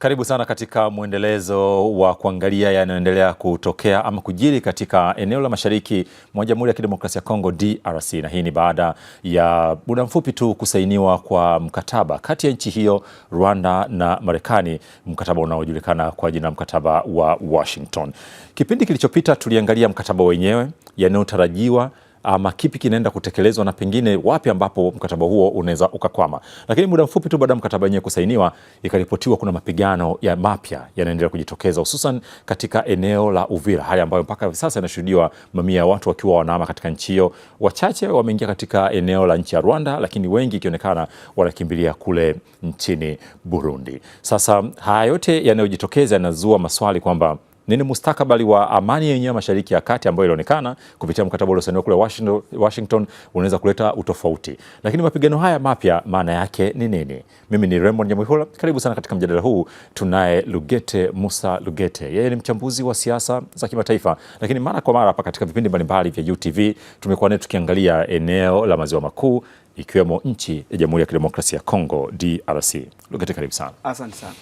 Karibu sana katika mwendelezo wa kuangalia yanayoendelea kutokea ama kujiri katika eneo la mashariki mwa Jamhuri ya Kidemokrasia ya Kongo DRC, na hii ni baada ya muda mfupi tu kusainiwa kwa mkataba kati ya nchi hiyo, Rwanda na Marekani, mkataba unaojulikana kwa jina mkataba wa Washington. Kipindi kilichopita tuliangalia mkataba wenyewe, yanayotarajiwa ama kipi kinaenda kutekelezwa na pengine wapi ambapo mkataba huo unaweza ukakwama. Lakini muda mfupi tu baada ya mkataba wenyewe kusainiwa, ikaripotiwa kuna mapigano ya mapya yanaendelea kujitokeza, hususan katika eneo la Uvira, hali ambayo mpaka hivi sasa inashuhudiwa mamia ya watu wakiwa wanahama katika nchi hiyo. Wachache wameingia katika eneo la nchi ya Rwanda, lakini wengi ikionekana wanakimbilia kule nchini Burundi. Sasa haya yote yanayojitokeza yanazua maswali kwamba nini mustakabali wa amani yenyewe Mashariki ya Kati ambayo ilionekana kupitia mkataba uliosainiwa kule Washington, unaweza kuleta utofauti. Lakini mapigano haya mapya maana yake ni nini? Mimi ni Raymond Nyamwihula, karibu sana katika mjadala huu. Tunaye Lugete Musa Lugete, yeye ni mchambuzi wa siasa za kimataifa, lakini mara kwa mara hapa katika vipindi mbalimbali vya UTV tumekuwa naye tukiangalia eneo la maziwa makuu ikiwemo nchi ya Jamhuri ya Kidemokrasia ya Kongo DRC. Lugete, karibu sana. Asante sana.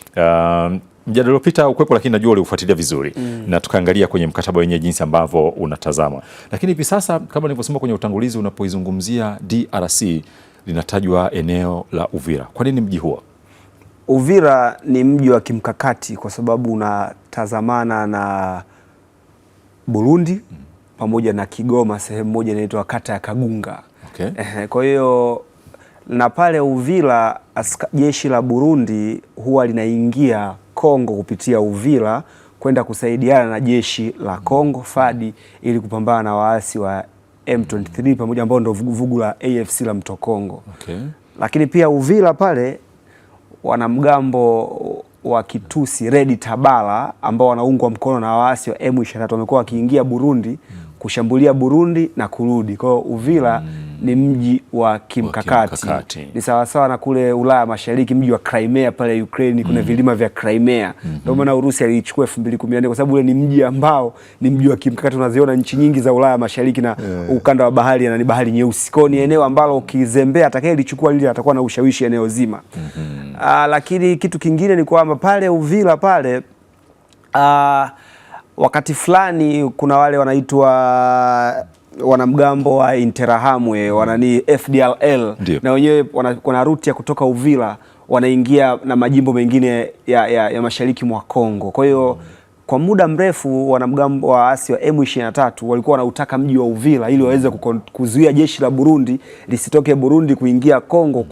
Uh, mjadala uliopita ukwepo, lakini najua uliufuatilia vizuri mm. na tukaangalia kwenye mkataba wenyewe jinsi ambavyo unatazama, lakini hivi sasa kama nilivyosema kwenye utangulizi, unapoizungumzia DRC linatajwa eneo la Uvira. Kwa nini mji huo? Uvira ni mji wa kimkakati kwa sababu unatazamana na Burundi mm. pamoja na Kigoma, sehemu moja inaitwa kata ya Kagunga okay. Kwa hiyo na pale Uvira jeshi la Burundi huwa linaingia Kongo kupitia Uvira kwenda kusaidiana na jeshi la Kongo Fadi ili kupambana na waasi wa M23 pamoja ambao ndio vuguvugu la AFC la Mto Kongo okay. Lakini pia Uvira pale wanamgambo wa Kitusi Redi Tabara ambao wanaungwa mkono na waasi wa M23 wamekuwa wakiingia Burundi hmm. kushambulia Burundi na kurudi. kwao Uvira mm ni mji wa kimkakati, ni sawasawa na kule Ulaya Mashariki mji wa Crimea pale Ukraine, kuna mm. vilima vya Crimea mm. -hmm. maana Urusi aliichukua 2014 kwa sababu ule ni mji ambao ni mji wa kimkakati. Unaziona nchi nyingi za Ulaya Mashariki na yeah. ukanda wa bahari na ni bahari nyeusi, kwao ni mm. eneo ambalo ukizembea, lichukua lile atakuwa na ushawishi eneo zima mm -hmm. Aa, ah, lakini kitu kingine ni kwamba pale Uvila pale aa, ah, wakati fulani kuna wale wanaitwa wanamgambo wa Interahamwe mm. wanani fdll Dio. na wenyewe kuna ruti ya kutoka Uvira wanaingia na majimbo mengine ya, ya, ya mashariki mwa Kongo kwa hiyo mm. Kwa muda mrefu wanamgambo wa asi wa M23 walikuwa wanautaka mji wa Uvira ili waweze kuzuia jeshi la Burundi lisitoke Burundi kuingia Kongo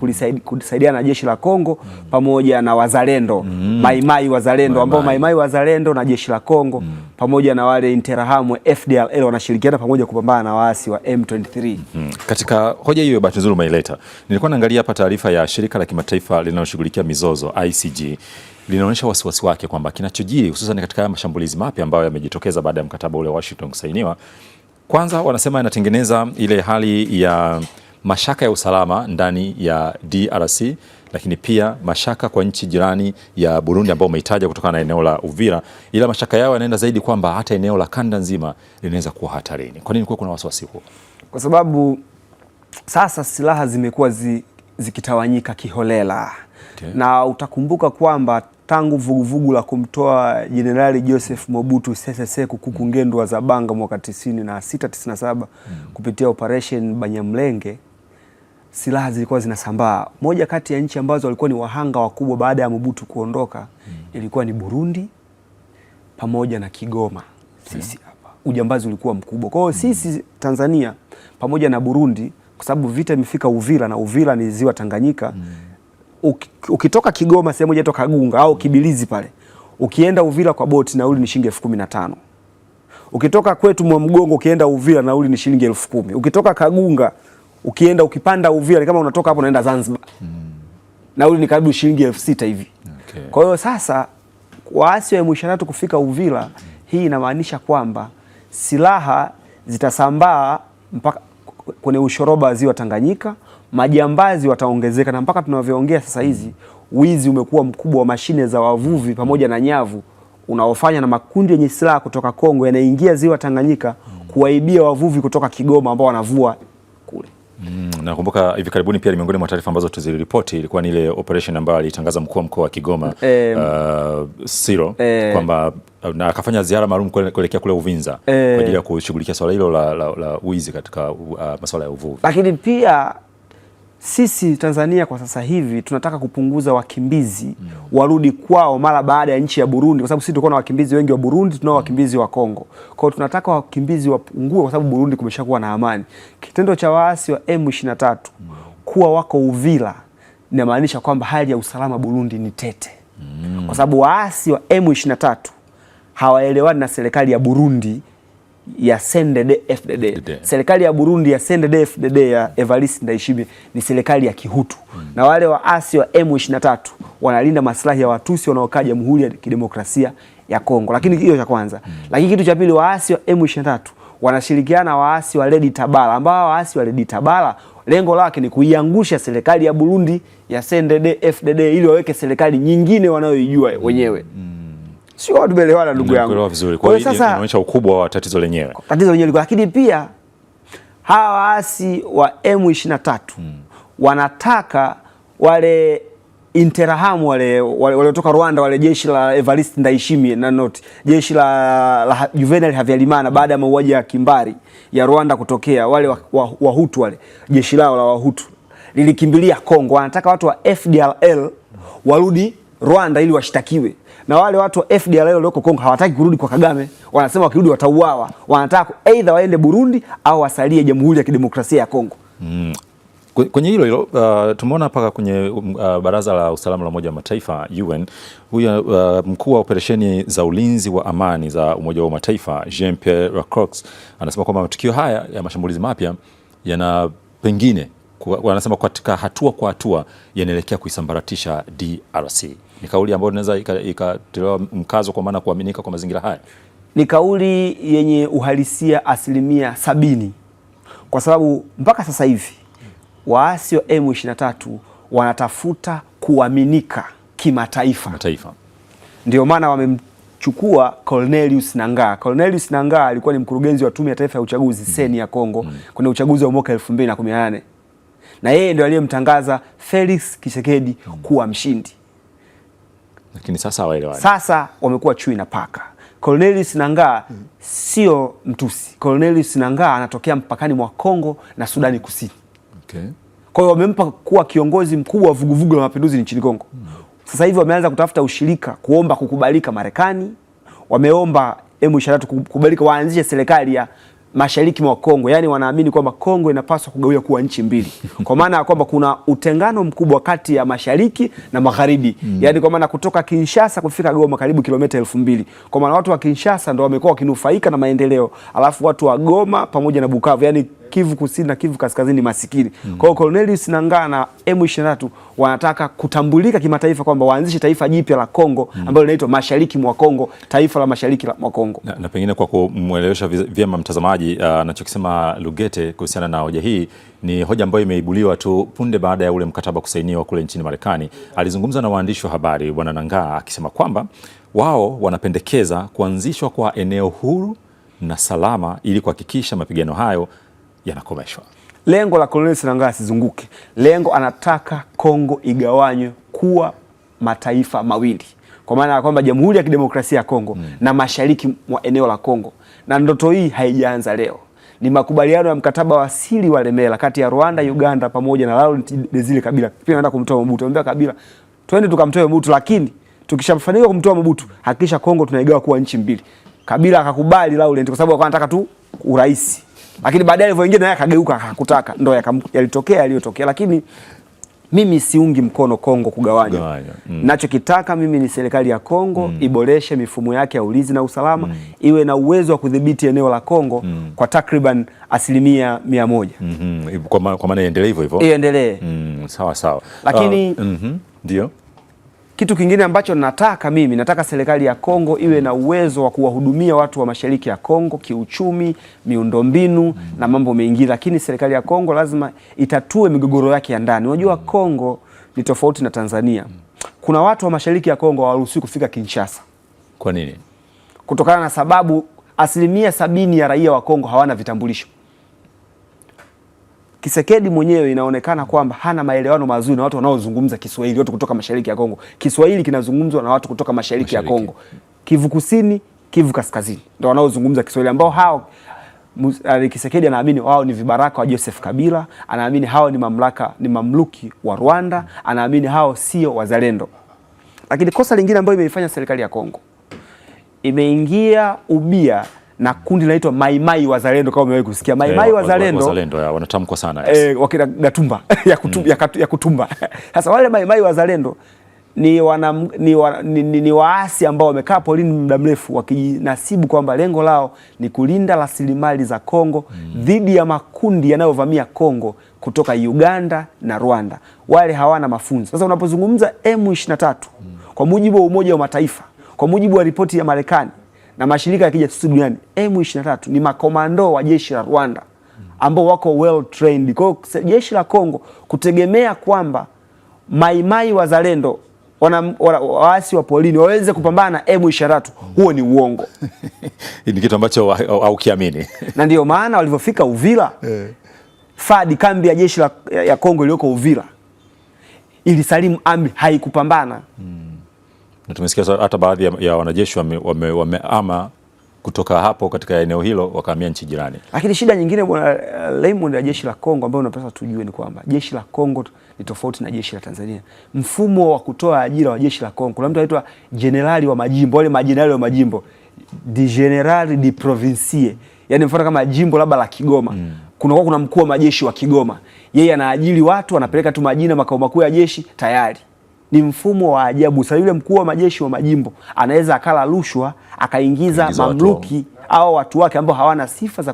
kulisaidia, na jeshi la Kongo pamoja na wazalendo mm. Maimai wazalendo ambao Maimai wazalendo na jeshi la Kongo mm. pamoja na wale Interahamwe FDLR wanashirikiana pamoja kupambana na waasi wa M23 mm. Katika hoja hiyo bahati nzuri umeileta, nilikuwa naangalia hapa taarifa ya shirika la kimataifa linaloshughulikia mizozo ICG linaonyesha wasiwasi wake kwamba kinachojiri hususan katika haya mashambulizi mapya ambayo yamejitokeza baada ya mkataba ule wa Washington kusainiwa, kwanza wanasema yanatengeneza ile hali ya mashaka ya usalama ndani ya DRC, lakini pia mashaka kwa nchi jirani ya Burundi ambao umeitaja kutokana na eneo la Uvira, ila mashaka yao yanaenda zaidi kwamba hata eneo la kanda nzima linaweza kuwa hatarini. Kwa nini kuwa kuna wasiwasi huo? Kwa sababu sasa silaha zimekuwa zi, zikitawanyika kiholela okay. Na utakumbuka kwamba tangu vuguvugu la kumtoa Jenerali Joseph Mobutu Sese Seko Kuku-Ngbendu wa Zabanga mwaka 96 97, kupitia operation banyamlenge silaha zilikuwa zinasambaa. Moja kati ya nchi ambazo walikuwa ni wahanga wakubwa baada ya Mobutu kuondoka ilikuwa ni Burundi pamoja na Kigoma. Sisi hapa ujambazi ulikuwa mkubwa. Kwa hiyo sisi Tanzania pamoja na Burundi, kwa sababu vita imefika Uvira na Uvira ni ziwa Tanganyika ukitoka Kigoma sehemu moja toka Gunga au Kibilizi pale ukienda Uvira kwa boti nauli ni shilingi elfu kumi na tano. Ukitoka kwetu mwa mgongo ukienda Uvira nauli ni shilingi elfu kumi. Ukitoka Kagunga ukienda ukipanda Uvira ni kama unatoka hapo unaenda Zanzibar. Mm. Nauli ni karibu shilingi elfu sita hivi. Okay. Kwa hiyo sasa waasi wa M23 kufika Uvira mm. Hii inamaanisha kwamba silaha zitasambaa mpaka kwenye ushoroba wa Ziwa Tanganyika Mm majambazi wataongezeka, na mpaka tunavyoongea sasa hizi wizi umekuwa mkubwa wa mashine za wavuvi pamoja na nyavu unaofanya na makundi yenye silaha kutoka Kongo yanaingia ziwa Tanganyika kuwaibia wavuvi kutoka Kigoma ambao wanavua kule. Mm, nakumbuka hivi karibuni pia miongoni mwa taarifa ambazo tuziliripoti ilikuwa ni ile operation ambayo alitangaza mkuu wa mkoa wa Kigoma e, uh, Siro e, eh, kwamba uh, na akafanya ziara maalum kuelekea kule Uvinza e, kwa ajili ya kushughulikia swala hilo la, la, la, la wizi katika uh, masuala ya uvuvi lakini pia sisi Tanzania kwa sasa hivi tunataka kupunguza wakimbizi mm. warudi kwao mara baada ya nchi ya Burundi, kwa sababu sisi tulikuwa na wakimbizi wengi wa Burundi, tunao wakimbizi wa Kongo. Kwa hiyo tunataka wakimbizi wapungue, kwa sababu Burundi kumeshakuwa na amani. Kitendo cha waasi wa M23 kuwa wako Uvira inamaanisha kwamba hali ya usalama Burundi ni tete mm. kwa sababu waasi wa M23 hawaelewani na serikali ya Burundi ya Sendede FDD. Serikali ya Burundi ya Sendede FDD ya Evariste Ndayishimiye ni serikali ya kihutu mm. na wale waasi wa M23 wanalinda maslahi ya Watusi wanaokaa Jamhuri ya Kidemokrasia ya Kongo, lakini hiyo cha kwanza mm. lakini kitu cha pili, waasi wa M23 wanashirikiana waasi wa Redi Tabara ambao waasi wa Redi Tabara lengo lake ni kuiangusha serikali ya Burundi ya Sendede FDD ili waweke serikali nyingine wanayoijua wenyewe mm sio kama tumeelewana ndugu yangu. Kwa hiyo sasa inaonyesha ukubwa wa tatizo lenyewe, tatizo lenyewe liko, lakini pia hawa waasi wa M23 hmm. wanataka wale interaham wale waliotoka wale Rwanda wale jeshi la Evariste ndaishimi na not jeshi la, la Juvenal Habyarimana baada ya mauaji ya kimbari ya Rwanda kutokea, wale Wahutu wa, wa wale jeshi lao la Wahutu lilikimbilia Kongo, wanataka watu wa FDLR warudi Rwanda ili washtakiwe na wale watu wa FDLR walioko Kongo hawataki kurudi kwa Kagame, wanasema wakirudi watauawa. Wanataka aidha waende Burundi au wasalie Jamhuri ya Kidemokrasia ya Kongo. Mm. Kwenye hilo hilo uh, tumeona mpaka kwenye um, uh, Baraza la Usalama la Umoja wa Mataifa UN, huyo uh, mkuu wa operesheni za ulinzi wa amani za Umoja wa Mataifa Jean Pierre Lacroix anasema kwamba matukio haya ya mashambulizi mapya yana pengine, wanasema katika hatua kwa hatua yanaelekea kuisambaratisha DRC. Ni kauli ambayo inaweza ikatolewa mkazo kwa maana kuaminika kwa mazingira haya. Ni kauli yenye uhalisia asilimia sabini kwa sababu mpaka sasa hivi waasi wa M23 wanatafuta kuaminika kimataifa. Mataifa. Ndio maana wamemchukua Cornelius Nangaa. Cornelius Nangaa alikuwa ni mkurugenzi wa Tume ya Taifa ya Uchaguzi mm. Seni ya Kongo mm. kwenye uchaguzi wa mwaka 2018 na yeye ndio aliyemtangaza Felix Tshisekedi mm. kuwa mshindi lakini sasa waelewa. Sasa wamekuwa chui na paka. Cornelius Nangaa mm. sio mtusi. Cornelius Nangaa anatokea mpakani mwa Kongo na Sudani Kusini. Okay. Kwa hiyo wamempa kuwa kiongozi mkubwa wa vuguvugu la mapinduzi nchini Kongo. Mm. Sasa hivi wameanza kutafuta ushirika, kuomba kukubalika Marekani, wameomba M23 kukubalika, waanzishe serikali ya mashariki mwa Kongo, yaani wanaamini kwamba Kongo inapaswa kugawiwa kuwa nchi mbili, kwa maana ya kwamba kuna utengano mkubwa kati ya mashariki na magharibi mm. Yani kwa maana kutoka Kinshasa kufika Goma karibu kilomita elfu mbili. Kwa maana watu wa Kinshasa ndo wamekuwa wakinufaika na maendeleo, alafu watu wa Goma pamoja na Bukavu, yani Kivu Kusini na Kivu Kaskazini masikini. Mm. Kwa hiyo Cornelius Nangaa na M23 wanataka kutambulika kimataifa kwamba waanzishe taifa jipya la Kongo mm. ambalo linaitwa Mashariki mwa Kongo, taifa la Mashariki mwa Kongo. Na, na pengine kwa kumwelewesha vyema mtazamaji uh, anachokisema uh, Lugete kuhusiana na hoja hii ni hoja ambayo imeibuliwa tu punde baada ya ule mkataba kusainiwa kule nchini Marekani. Alizungumza na waandishi wa habari Bwana Nangaa akisema kwamba wao wanapendekeza kuanzishwa kwa eneo huru na salama ili kuhakikisha mapigano hayo yanakomeshwa. Lengo la Cornelius Nangaa asizunguke, lengo anataka Kongo igawanywe kuwa mataifa mawili, kwa maana ya kwamba Jamhuri ya Kidemokrasia ya Kongo mm. na mashariki mwa eneo la Kongo, na ndoto hii haijaanza leo ni makubaliano ya mkataba wa asili wa Lemela kati ya Rwanda, Uganda pamoja na Laurent Desire Kabila. Pia naenda kumtoa Mobutu, anambia Kabila, twende tukamtoe Mobutu, lakini tukishafanikiwa kumtoa Mobutu hakikisha Kongo tunaigawa kuwa nchi mbili. Kabila akakubali Laurent kwa sababu alikuwa anataka tu urais lakini baadaye alivyoingia naye akageuka akakutaka, ndo yalitokea yaliyotokea, lakini mimi siungi mkono Kongo kugawanywa mm. Nachokitaka mimi ni serikali ya Kongo mm. iboreshe mifumo yake ya ulinzi na usalama mm. iwe na uwezo wa kudhibiti eneo la Kongo mm. kwa takriban asilimia mia moja mm -hmm. Kwa maana iendelee hivyo hivyo iendelee mm. sawa sawa, lakini uh, mm -hmm. ndio kitu kingine ambacho nataka mimi, nataka serikali ya Kongo iwe na uwezo wa kuwahudumia watu wa mashariki ya Kongo kiuchumi, miundombinu na mambo mengi, lakini serikali ya Kongo lazima itatue migogoro yake ya ndani. Unajua Kongo ni tofauti na Tanzania. Kuna watu wa mashariki ya Kongo hawaruhusiwi kufika Kinshasa. Kwa nini? Kutokana na sababu asilimia sabini ya raia wa Kongo hawana vitambulisho. Kisekedi mwenyewe inaonekana kwamba hana maelewano mazuri na watu wanaozungumza Kiswahili, watu kutoka mashariki ya Kongo. Kiswahili kinazungumzwa na watu kutoka mashariki, mashariki ya Kongo, Kivu Kusini, Kivu Kaskazini ndio wanaozungumza Kiswahili ambao hao Kisekedi eh, anaamini wao ni vibaraka wa Joseph Kabila, anaamini hao ni mamlaka, ni mamluki wa Rwanda, anaamini hao sio wazalendo. Lakini kosa lingine ambayo imeifanya serikali ya Kongo imeingia ubia na kundi linaitwa Maimai Wazalendo, kama umewahi kusikia Maimai eh, Wazalendo. Wazalendo wanatamkwa sana eh, wakina Gatumba mm. ya kutumba, mm. ya kutumba. Sasa wale Maimai Wazalendo ni, wana, ni, wa, ni, ni, ni waasi ambao wamekaa polini muda mrefu wakijinasibu kwamba lengo lao ni kulinda rasilimali za Kongo mm. dhidi ya makundi yanayovamia Kongo kutoka Uganda na Rwanda. Wale hawana mafunzo. Sasa unapozungumza M23 mm. kwa mujibu wa Umoja wa Mataifa, kwa mujibu wa ripoti ya Marekani na mashirika ya kijasusi duniani M23 ni makomando wa jeshi la Rwanda ambao wako well trained. Kwa hiyo jeshi la Kongo kutegemea kwamba maimai wazalendo waasi wa polini waweze kupambana na M23 huo ni uongo. Ni kitu ambacho haukiamini. Na ndio maana walivyofika Uvira eh. Fadi, kambi ya jeshi la, ya Kongo iliyoko Uvira ilisalimu amri, haikupambana mm na tumesikia hata baadhi ya, ya wanajeshi wameama wame, wame kutoka hapo katika eneo hilo wakahamia nchi jirani. Lakini shida nyingine bwana eh, Raymond, ya jeshi la Kongo ambayo unapaswa tujue ni kwamba jeshi la Kongo ni tofauti na jeshi la Tanzania. Mfumo wa kutoa ajira wa jeshi la Kongo, kuna mtu anaitwa jenerali wa majimbo, wale majenerali wa majimbo di general di provincie, yani mfano kama jimbo labda la Kigoma mm. kunakuwa kuna mkuu wa majeshi wa Kigoma, yeye anaajili watu, anapeleka tu majina makao makuu ya jeshi tayari ni mfumo wa ajabu. Sasa yule mkuu wa majeshi wa majimbo anaweza akala rushwa akaingiza mamluki au watu wake ambao hawana sifa za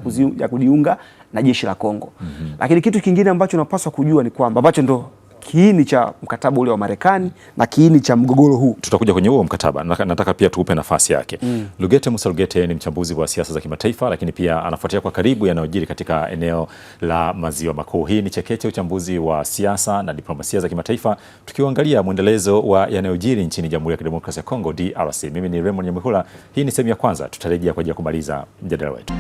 kujiunga na jeshi la Kongo. mm -hmm. Lakini kitu kingine ambacho unapaswa kujua ni kwamba ambacho ndo kiini cha mkataba ule wa Marekani na kiini cha mgogoro huu. Tutakuja kwenye huo mkataba, nataka pia tuupe nafasi yake mm. Lugete Musa Lugete ni mchambuzi wa siasa za kimataifa, lakini pia anafuatia kwa karibu yanayojiri katika eneo la maziwa makuu. Hii ni Chekeche, uchambuzi wa siasa na diplomasia za kimataifa, tukiuangalia mwendelezo wa yanayojiri nchini Jamhuri ya Kidemokrasia ya Kongo, DRC. Mimi ni Raymond Nyamwihula, hii ni sehemu ya kwanza, tutarejea kwa ajili ya kumaliza mjadala wetu.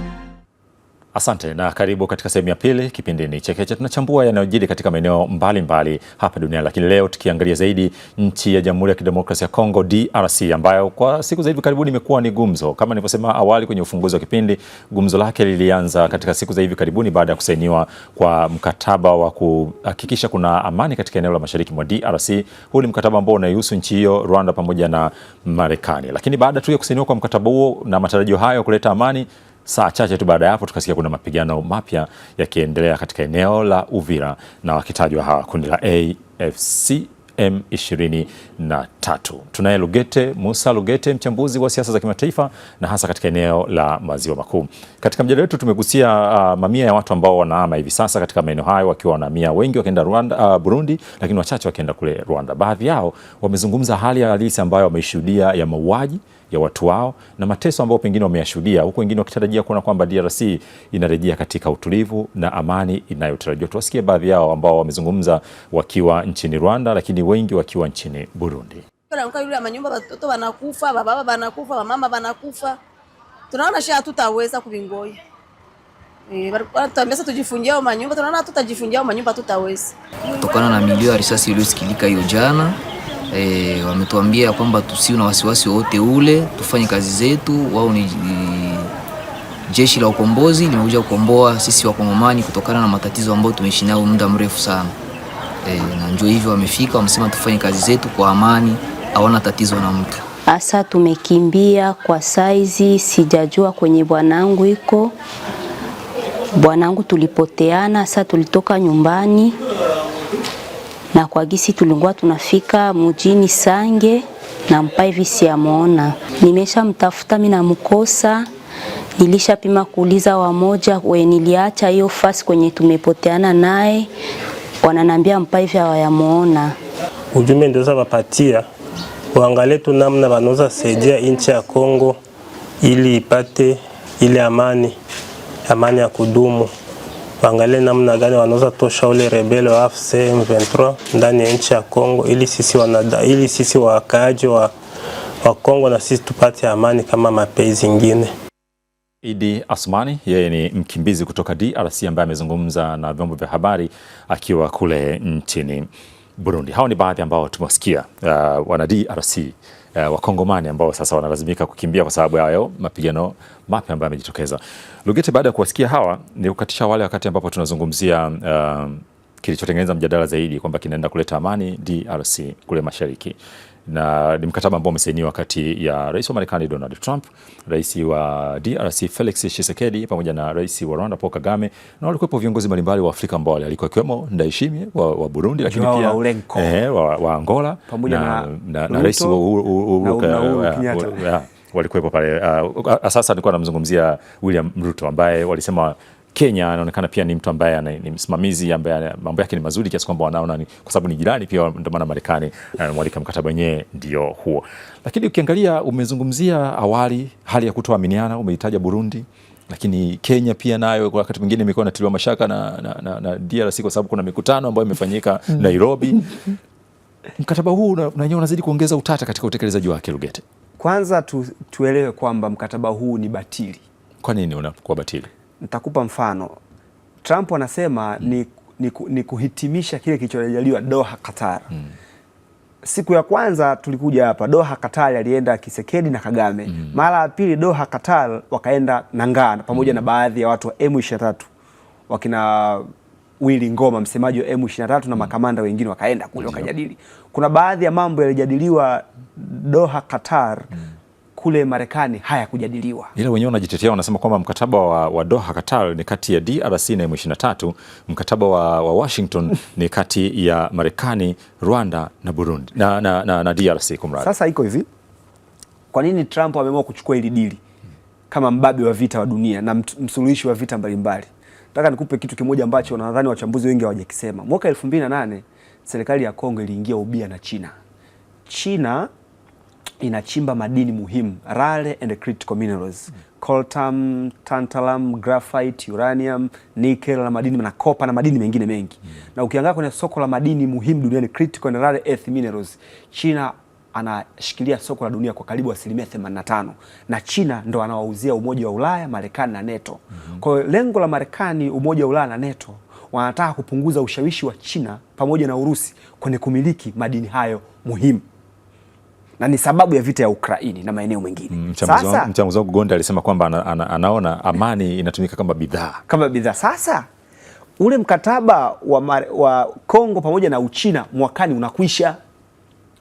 Asante na karibu katika sehemu ya pili. Kipindi ni Chekeche, tunachambua yanayojiri katika maeneo mbalimbali hapa duniani, lakini leo tukiangalia zaidi nchi ya Jamhuri ya Kidemokrasia ya Kongo, DRC, ambayo kwa siku za hivi karibuni imekuwa ni gumzo. Kama nilivyosema awali kwenye ufunguzi wa kipindi, gumzo lake lilianza katika siku za hivi karibuni baada ya kusainiwa kwa mkataba wa kuhakikisha kuna amani katika eneo la mashariki mwa DRC. Huu ni mkataba ambao unaihusu nchi hiyo, Rwanda pamoja na Marekani. Lakini baada tu ya kusainiwa kwa mkataba huo na matarajio hayo kuleta amani Saa chache tu baada ya hapo tukasikia kuna mapigano mapya yakiendelea katika eneo la Uvira na wakitajwa hawa kundi la AFC M23. Tunaye Lugete Musa Lugete, mchambuzi wa siasa za kimataifa na hasa katika eneo la maziwa makuu. Katika mjadala wetu tumegusia uh, mamia ya watu ambao wanaama hivi sasa katika maeneo hayo, wakiwa wanaamia wengi wakienda Rwanda, uh, Burundi, lakini wachache wakienda kule Rwanda. Baadhi yao wamezungumza hali ya halisi ambayo wameishuhudia ya mauaji ya watu wao na mateso ambao pengine wameyashuhudia, huku wengine wakitarajia kuona kwamba DRC inarejea katika utulivu na amani inayotarajiwa. Tuwasikie baadhi yao ambao wamezungumza wakiwa nchini Rwanda, lakini wengi wakiwa nchini Burundi. Yule manyumba watoto wanakufa, wanakufa, wamama wanakufa, tunaona sha hatutaweza kuvingoya e, tujifungia manyumba, tunaona manyumba Kutokana na milio ya risasi iliyosikilika hiyo jana E, wametuambia kwamba tusiwe na wasiwasi wowote ule, tufanye kazi zetu. Wao ni, ni jeshi la ukombozi limekuja kukomboa sisi wakongomani kutokana na matatizo ambayo tumeishi nayo muda mrefu sana e, na njoo hivyo wamefika, wamesema tufanye kazi zetu kwa amani, hawana tatizo na mtu. Asa tumekimbia kwa saizi, sijajua kwenye bwanangu iko bwanangu, tulipoteana. Asa tulitoka nyumbani na kwa gisi tulikuwa tunafika mujini Sange na mpa hivi siamuona, nimeshamtafuta mimi namkosa. Nilishapima kuuliza wamoja we, niliacha hiyo fasi kwenye tumepoteana naye, wananambia mpa hivi hawayamuona. Ujumbe ndioza za wapatia waangalie tu namna wanaweza saidia nchi ya Kongo ili ipate ile amani, amani ya kudumu waangalie namna gani wanaweza tosha ule rebele wa AFC M23 ndani ya nchi ya Kongo, ili sisi wanada, ili sisi wakaaji wa, wa Kongo na sisi tupate amani kama mapei zingine. Idi Asmani yeye ni mkimbizi kutoka DRC ambaye amezungumza na vyombo vya habari akiwa kule nchini Burundi. Hao ni baadhi ambao tumewasikia uh, wana DRC uh, wakongomani ambao sasa wanalazimika kukimbia kwa sababu yayo mapigano mapya ambayo yamejitokeza. Lugete, baada ya kuwasikia hawa, ni kukatisha wale wakati ambapo tunazungumzia uh, kilichotengeneza mjadala zaidi kwamba kinaenda kuleta amani DRC kule mashariki na ni mkataba ambao umesainiwa kati ya rais wa Marekani Donald Trump, rais wa DRC Felix Tshisekedi pamoja na rais wa Rwanda Paul Kagame, na walikuwepo viongozi mbalimbali wa Afrika ambao walikuwa akiwemo Ndayishimiye wa, wa Burundi, lakini pia eh, wa, wa Angola pamoja na, na, na rais wa uh, uh, walikuwepo pale. Uh, sasa nilikuwa namzungumzia William Ruto ambaye walisema Kenya anaonekana pia ni mtu ambaye ni msimamizi ambaye mambo yake ni mazuri kiasi kwamba wanaona ni kwa sababu ni jirani pia, ndio maana Marekani anamwalika. Eh, mkataba wenyewe ndio huo. Lakini ukiangalia, umezungumzia awali hali ya kutoaminiana, umeitaja Burundi lakini Kenya pia nayo kwa wakati mwingine imekuwa inatiliwa mashaka na, na, na, na DRC kwa sababu kuna mikutano ambayo imefanyika mm. Nairobi. Mkataba huu unanyewe unazidi kuongeza utata katika utekelezaji wake. Lugete, kwanza tu, tuelewe kwamba mkataba huu ni batili. Kwa nini unakuwa batili? Nitakupa mfano. Trump anasema mm. ni, ni, ni kuhitimisha kile kilichojadiliwa Doha, Qatar mm. Siku ya kwanza tulikuja hapa Doha Qatar, alienda Kisekedi na Kagame mm. Mara ya pili Doha Qatar wakaenda Nangana pamoja mm. na baadhi ya watu wa M23 wakina Willy Ngoma msemaji wa M23 na hmm. makamanda wengine wakaenda kule wakajadili. Kuna baadhi ya mambo yalijadiliwa Doha Qatar mm kule Marekani hayakujadiliwa, ila wenyewe wanajitetea, wanasema kwamba mkataba wa, wa Doha Qatar ni kati ya DRC na M23, mkataba wa, wa Washington ni kati ya Marekani, Rwanda na Burundi na, na, na, na DRC. Kumradi sasa iko hivi, kwa nini Trump ameamua kuchukua hili dili kama mbabe wa vita wa dunia na msuluhishi wa vita mbalimbali? Nataka nikupe kitu kimoja ambacho nadhani wachambuzi wengi hawajakisema. Mwaka 2008 serikali ya Kongo iliingia ubia na China. China inachimba madini muhimu rare and critical minerals coltan, tantalum, graphite, uranium, nickel na madini na copper na madini mengine mengi mm. Na ukiangalia kwenye soko la madini muhimu duniani critical and rare earth minerals, China anashikilia soko la dunia kwa karibu asilimia 85 na China ndo anawauzia Umoja wa Ulaya, Marekani na NATO mm -hmm. Kwa hiyo lengo la Marekani, Umoja wa Ulaya na NATO wanataka kupunguza ushawishi wa China pamoja na Urusi kwenye kumiliki madini hayo muhimu na ni sababu ya vita ya Ukraini na maeneo mengine. Mm, Sasa mchambuzi wangu Gonda alisema kwamba ana, ana, anaona amani inatumika kama bidhaa kama bidhaa. Sasa ule mkataba wa, mare, wa Kongo pamoja na Uchina mwakani unakuisha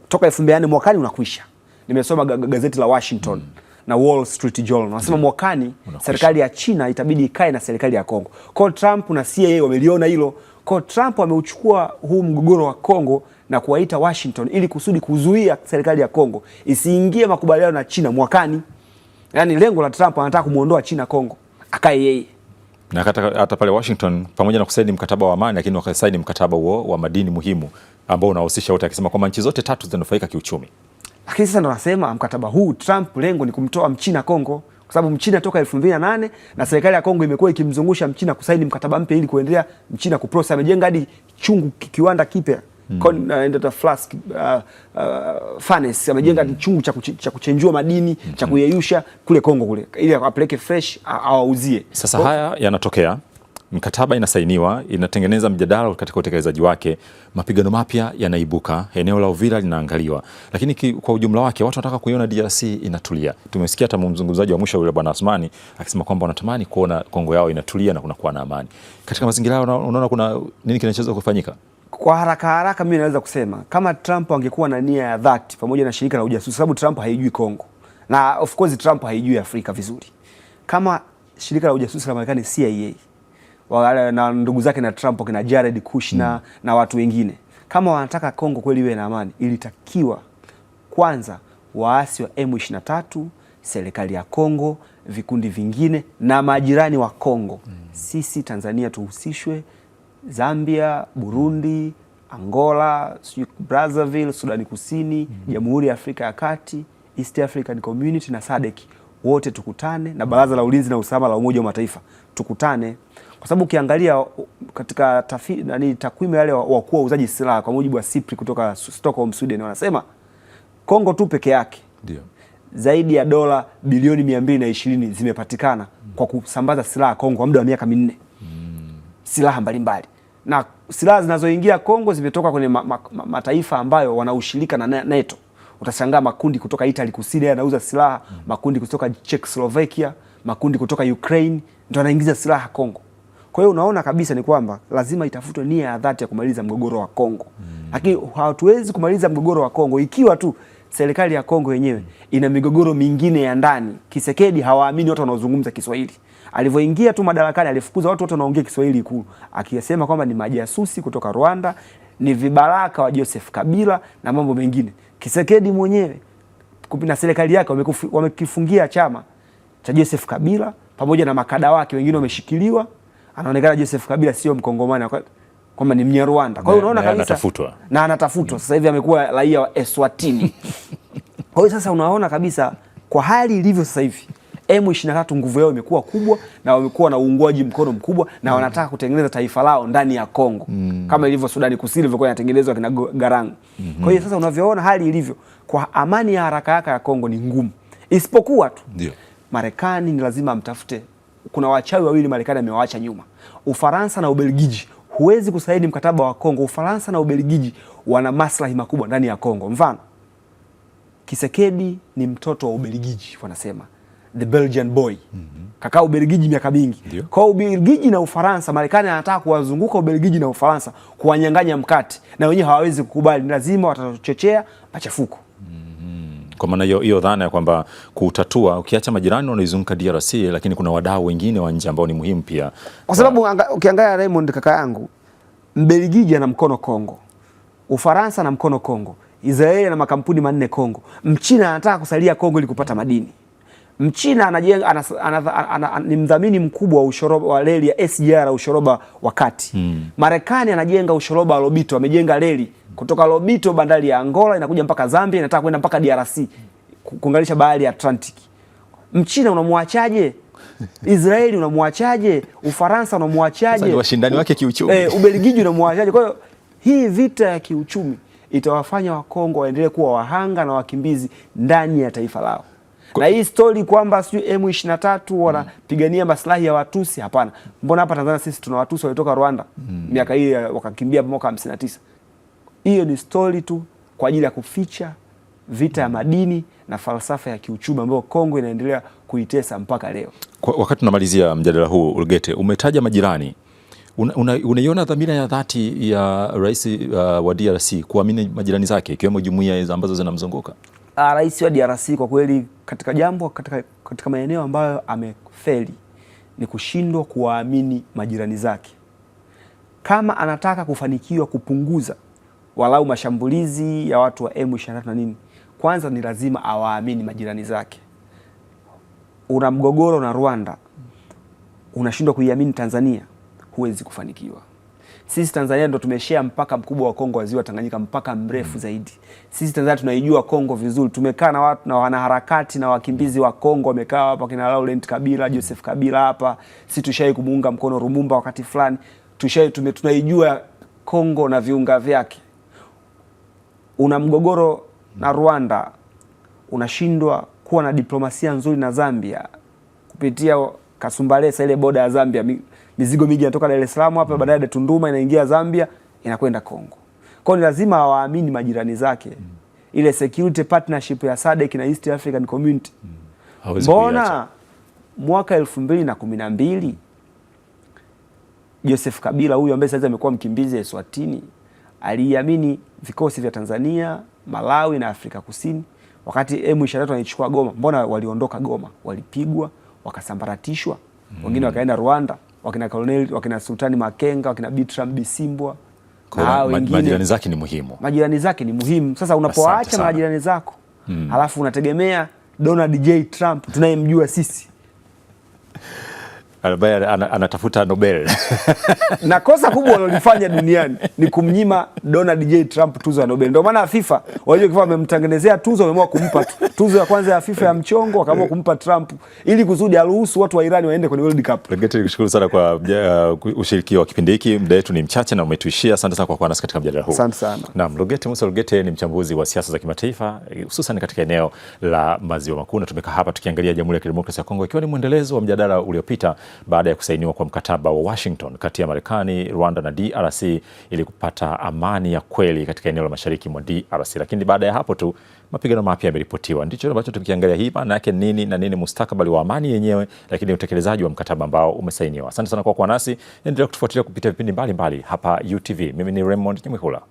toka 2008 mwakani unakuisha. Nimesoma gazeti la Washington mm. na Wall Street Journal nasema mm. mwakani serikali ya China itabidi ikae na serikali ya Kongo. Kwa Trump na CIA wameliona hilo. Kwa Trump ameuchukua huu mgogoro wa Kongo na kuwaita Washington ili kusudi kuzuia serikali ya Kongo isiingie makubaliano na China mwakani. Yaani lengo la Trump anataka kumuondoa China Kongo, akae yeye na hata pale Washington pamoja na kusaini mkataba wa amani, lakini wakasaini mkataba huo wa madini muhimu ambao unahusisha wote, akisema kwamba nchi zote tatu zinanufaika kiuchumi. Lakini sasa ndo nasema mkataba huu Trump lengo ni kumtoa mchina Kongo, kwa sababu mchina toka elfu mbili na nane na serikali ya Kongo imekuwa ikimzungusha mchina kusaini mkataba mpya ili kuendelea mchina kuprosa. Amejenga hadi chungu kiwanda kipya condensator mm. uh, flask uh, uh, furnace amejenga mm. chungu cha kuchenjua madini mm. cha kuyeyusha kule Kongo kule, ili apeleke fresh awauzie. Sasa haya yanatokea mkataba inasainiwa, inatengeneza mjadala katika utekelezaji wake, mapigano mapya yanaibuka, eneo la Uvira linaangaliwa, lakini kwa ujumla wake watu wanataka kuiona DRC inatulia. Tumesikia hata mzungumzaji wa mwisho yule Bwana Asmani akisema kwamba wanatamani kuona Kongo yao inatulia na kunakuwa na amani. Katika mazingira hayo, unaona kuna nini kinachoweza kufanyika? Kwa haraka haraka, mimi naweza kusema kama Trump angekuwa na nia ya dhati pamoja na shirika la ujasusi, sababu Trump haijui Kongo na of course Trump haijui Afrika vizuri, kama shirika la ujasusi la Marekani CIA wale na ndugu zake na Trump kina Jared Kushner mm, na watu wengine, kama wanataka Kongo kweli iwe na amani, ilitakiwa kwanza waasi wa M23, serikali ya Kongo, vikundi vingine na majirani wa Kongo, hmm. sisi Tanzania tuhusishwe Zambia, Burundi, Angola, Brazzaville, Sudani Kusini, mhm. Jamhuri mm -hmm. ya Afrika ya Kati, East African Community na SADC wote tukutane na Baraza la Ulinzi na Usalama la Umoja wa Mataifa tukutane, kwa sababu ukiangalia katika tafi, nani takwimu yale wakuu uzaji silaha kwa mujibu wa SIPRI kutoka Stockholm, Sweden, wanasema Kongo tu peke yake ndio zaidi ya dola bilioni mia mbili na ishirini zimepatikana kwa kusambaza silaha Kongo kwa muda wa miaka minne silaha mbalimbali na silaha zinazoingia Kongo zimetoka kwenye ma, ma, ma, mataifa ambayo wanaushirika na NATO. Utashangaa makundi kutoka Italy kusini yanauza silaha mm. makundi kutoka Czechoslovakia, makundi kutoka Ukraine ndio anaingiza silaha Kongo. Kwa hiyo unaona kabisa ni kwamba lazima itafutwe nia ya dhati ya kumaliza mgogoro wa Kongo mm. lakini hatuwezi kumaliza mgogoro wa Kongo ikiwa tu serikali ya Kongo yenyewe mm. ina migogoro mingine ya ndani. Kisekedi hawaamini watu wanaozungumza Kiswahili. Alivyoingia tu madarakani alifukuza watu wote wanaongea Kiswahili Ikulu, akisema kwamba ni majasusi kutoka Rwanda, ni vibaraka wa Joseph Kabila na mambo mengine. Kisekedi mwenyewe na serikali yake wamekifungia chama cha Joseph Kabila pamoja na makada wake, wengine wameshikiliwa. Anaonekana Joseph Kabila sio Mkongomani kwamba ni Mnyarwanda. Kwa hiyo unaona kabisa anatafutwa na anatafutwa sasa hivi amekuwa raia wa Eswatini. Kwa hiyo sasa unaona kabisa kwa hali ilivyo sasa hivi M23 nguvu yao imekuwa kubwa na wamekuwa na uungwaji mkono mkubwa na mm. wanataka kutengeneza taifa lao ndani ya Kongo mm. kama ilivyo Sudani Kusini ilivyokuwa inatengenezwa kina Garang. mm -hmm. Kwa hiyo sasa unavyoona hali ilivyo kwa amani ya haraka haraka ya Kongo ni ngumu, isipokuwa tu ndio Marekani ni lazima amtafute. Kuna wachawi wawili Marekani amewaacha nyuma, Ufaransa na Ubelgiji. Huwezi kusaini mkataba wa Kongo. Ufaransa na Ubelgiji wana maslahi makubwa ndani ya Kongo. Mfano, Kisekedi ni mtoto wa Ubelgiji, wanasema the Belgian boy mm -hmm. kakaa Ubelgiji miaka mingi kwao, Ubelgiji na Ufaransa. Marekani anataka kuwazunguka Ubelgiji na Ufaransa, kuwanyang'anya mkate, na wenyewe hawawezi kukubali, lazima watachochea machafuko mhm. kwa maana hiyo hiyo dhana ya kwamba kutatua, ukiacha majirani wanaizunguka DRC, lakini kuna wadau wengine wa nje ambao ni muhimu pia, kwa sababu ukiangalia Raymond, kaka yangu, Mbelgiji ana mkono Kongo, Ufaransa na mkono Kongo, Israeli na makampuni manne Kongo, Mchina anataka kusalia Kongo ili kupata madini. Mchina anajenga ana, ana, ana, ana, ni mdhamini mkubwa wa ushoroba wa reli ya SGR ushoroba wa kati hmm. Marekani anajenga ushoroba wa Lobito, amejenga reli kutoka Lobito bandari ya Angola inakuja mpaka Zambia, inataka kwenda mpaka DRC kuunganisha bahari ya Atlantic. Mchina unamwachaje? Israeli unamwachaje? Ufaransa unamwachaje? washindani wake kiuchumi eh, Ubelgiji unamwachaje? Kwa hiyo hii vita ya kiuchumi itawafanya Wakongo waendelee kuwa wahanga na wakimbizi ndani ya taifa lao na hii stori kwamba sijui M23 wanapigania mm. maslahi ya Watusi, hapana. Mbona hapa Tanzania sisi tuna Watusi walitoka Rwanda mm. miaka hii wakakimbia mwaka 59. Hiyo ni stori tu kwa ajili ya kuficha vita ya madini na falsafa ya kiuchumi ambayo Kongo inaendelea kuitesa mpaka leo. Kwa wakati tunamalizia mjadala huu, Ulgete, umetaja majirani unaiona una, una dhamira ya dhati ya rais uh, wa DRC kuamini majirani zake ikiwemo jumuiya ambazo zinamzunguka? Ah, rais wa DRC kwa kweli katika jambo katika, katika maeneo ambayo amefeli ni kushindwa kuwaamini majirani zake. Kama anataka kufanikiwa kupunguza walau mashambulizi ya watu wa M23 na nini, kwanza ni lazima awaamini majirani zake. Una mgogoro na Rwanda, unashindwa kuiamini Tanzania, huwezi kufanikiwa. Sisi Tanzania ndo tumeshare mpaka mkubwa wa Kongo wa ziwa Tanganyika, mpaka mrefu zaidi. Sisi Tanzania tunaijua Kongo vizuri, tumekaa na watu na wanaharakati na wakimbizi wa Kongo wamekaa hapa, kina Laurent Kabila, Joseph Kabila hapa. Sisi tushai kumuunga mkono rumumba wakati fulani, tushai tunaijua Kongo na viunga vyake. Una mgogoro na Rwanda, unashindwa kuwa na diplomasia nzuri na Zambia kupitia Kasumbalesa, ile boda ya Zambia mizigo mingi inatoka Dar es Salaam hapa, baadaye Tunduma inaingia Zambia, inakwenda Kongo. Kwa ni lazima awaamini majirani zake. Mm. Ile security partnership ya SADC na East African Community mm. mbona mwaka elfu mbili na kumi na mbili Joseph Kabila huyu ambaye sasa amekuwa mkimbizi ya Eswatini aliamini vikosi vya Tanzania, Malawi na Afrika Kusini wakati M23 wanaichukua Goma. Mbona waliondoka Goma? Walipigwa, wakasambaratishwa, wengine mm. wakaenda Rwanda wakina Colonel, wakina Sultani Makenga, wakina Bitram Bisimbwa na wengine. Majirani zake ni muhimu, majirani zake ni muhimu. Sasa unapoacha majirani zako mm, halafu unategemea Donald J Trump tunayemjua sisi ambaye anatafuta Nobel na kosa kubwa walolifanya duniani ni kumnyima Donald J Trump tuzo ya Nobel. Ndio maana FIFA wajua kifaa wamemtengenezea tuzo, wameamua kumpa tuzo ya kwanza ya FIFA ya mchongo, wakaamua kumpa Trump ili kuzudi aruhusu watu wa Irani waende kwenye World Cup. Legeti, nikushukuru sana kwa uh, ushiriki wa kipindi hiki. Muda wetu ni mchache na umetuishia. Asante sana kwa kuwa nasi katika mjadala huu. Asante sana. Naam, Lugete Musa Lugete ni mchambuzi wa siasa za kimataifa hususan katika eneo la Maziwa Makuu na tumekaa hapa tukiangalia Jamhuri ya Kidemokrasia ya Kongo ikiwa ni mwendelezo wa mjadala uliopita baada ya kusainiwa kwa mkataba wa Washington kati ya Marekani, Rwanda na DRC ili kupata amani ya kweli katika eneo la mashariki mwa DRC. Lakini baada ya hapo tu mapigano mapya yameripotiwa. Ndicho ambacho tukiangalia hii maana yake nini na nini mustakabali wa amani yenyewe, lakini utekelezaji wa mkataba ambao umesainiwa. Asante sana kwa kuwa nasi, endelea kutufuatilia kupitia vipindi mbalimbali hapa UTV. Mimi ni Raymond Nyamwihula.